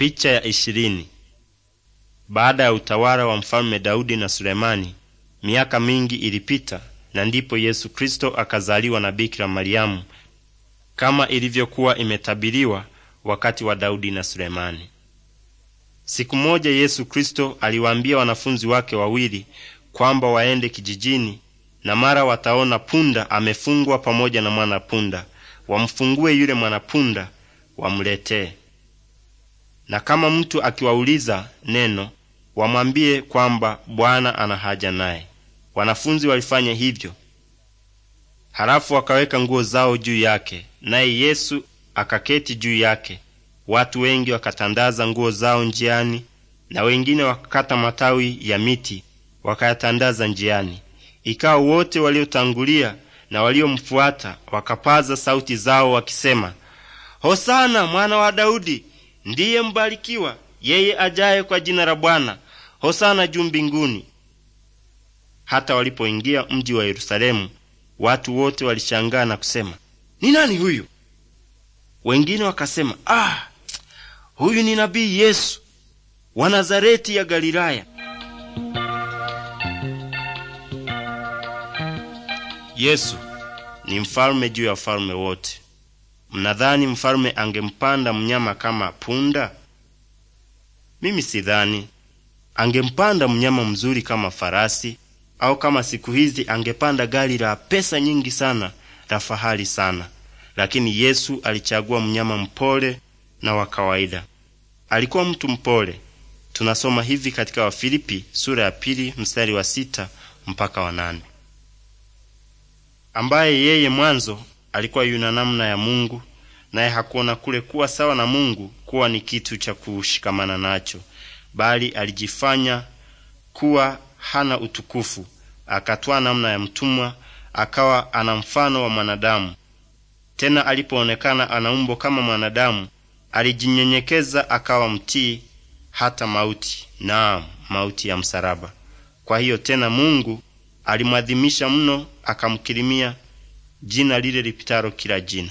Picha ya ishirini. Baada ya utawala wa mfalme Daudi na Sulemani, miaka mingi ilipita, na ndipo Yesu Kristo akazaliwa na Bikira Mariamu kama ilivyokuwa imetabiriwa wakati wa Daudi na Sulemani. Siku moja Yesu Kristo aliwaambia wanafunzi wake wawili kwamba waende kijijini, na mara wataona punda amefungwa pamoja na mwanapunda, wamfungue yule mwanapunda wamletee. Na kama mtu akiwauliza neno, wamwambie kwamba Bwana ana haja naye. Wanafunzi walifanya hivyo. Halafu wakaweka nguo zao juu yake, naye Yesu akaketi juu yake. Watu wengi wakatandaza nguo zao njiani, na wengine wakakata matawi ya miti wakayatandaza njiani. Ikawa wote waliotangulia na waliomfuata wakapaza sauti zao wakisema, Hosana mwana wa Daudi! Ndiye mbarikiwa yeye ajaye kwa jina la Bwana, hosana juu mbinguni. Hata walipoingia mji wa Yerusalemu, watu wote walishangaa na kusema, ni nani huyu? Wengine wakasema, ah, huyu ni nabii Yesu wa Nazareti ya Galilaya. Yesu ni mfalme juu ya wafalme wote. Mnadhani mfalme angempanda mnyama kama punda? Mimi sidhani. Angempanda mnyama mzuri kama farasi, au kama siku hizi angepanda gari la pesa nyingi sana la fahari sana. Lakini Yesu alichagua mnyama mpole na wa kawaida. Alikuwa mtu mpole. Tunasoma hivi katika Wafilipi sura ya pili mstari wa sita mpaka wa nane ambaye yeye mwanzo alikuwa yuna namna ya Mungu, naye hakuona kule kuwa sawa na Mungu kuwa ni kitu cha kushikamana nacho, bali alijifanya kuwa hana utukufu, akatwaa namna ya mtumwa, akawa ana mfano wa mwanadamu. Tena alipoonekana ana umbo kama mwanadamu, alijinyenyekeza akawa mtii hata mauti, na mauti ya msalaba. Kwa hiyo tena Mungu alimwadhimisha mno, akamkirimia jina lile lipitalo kila jina.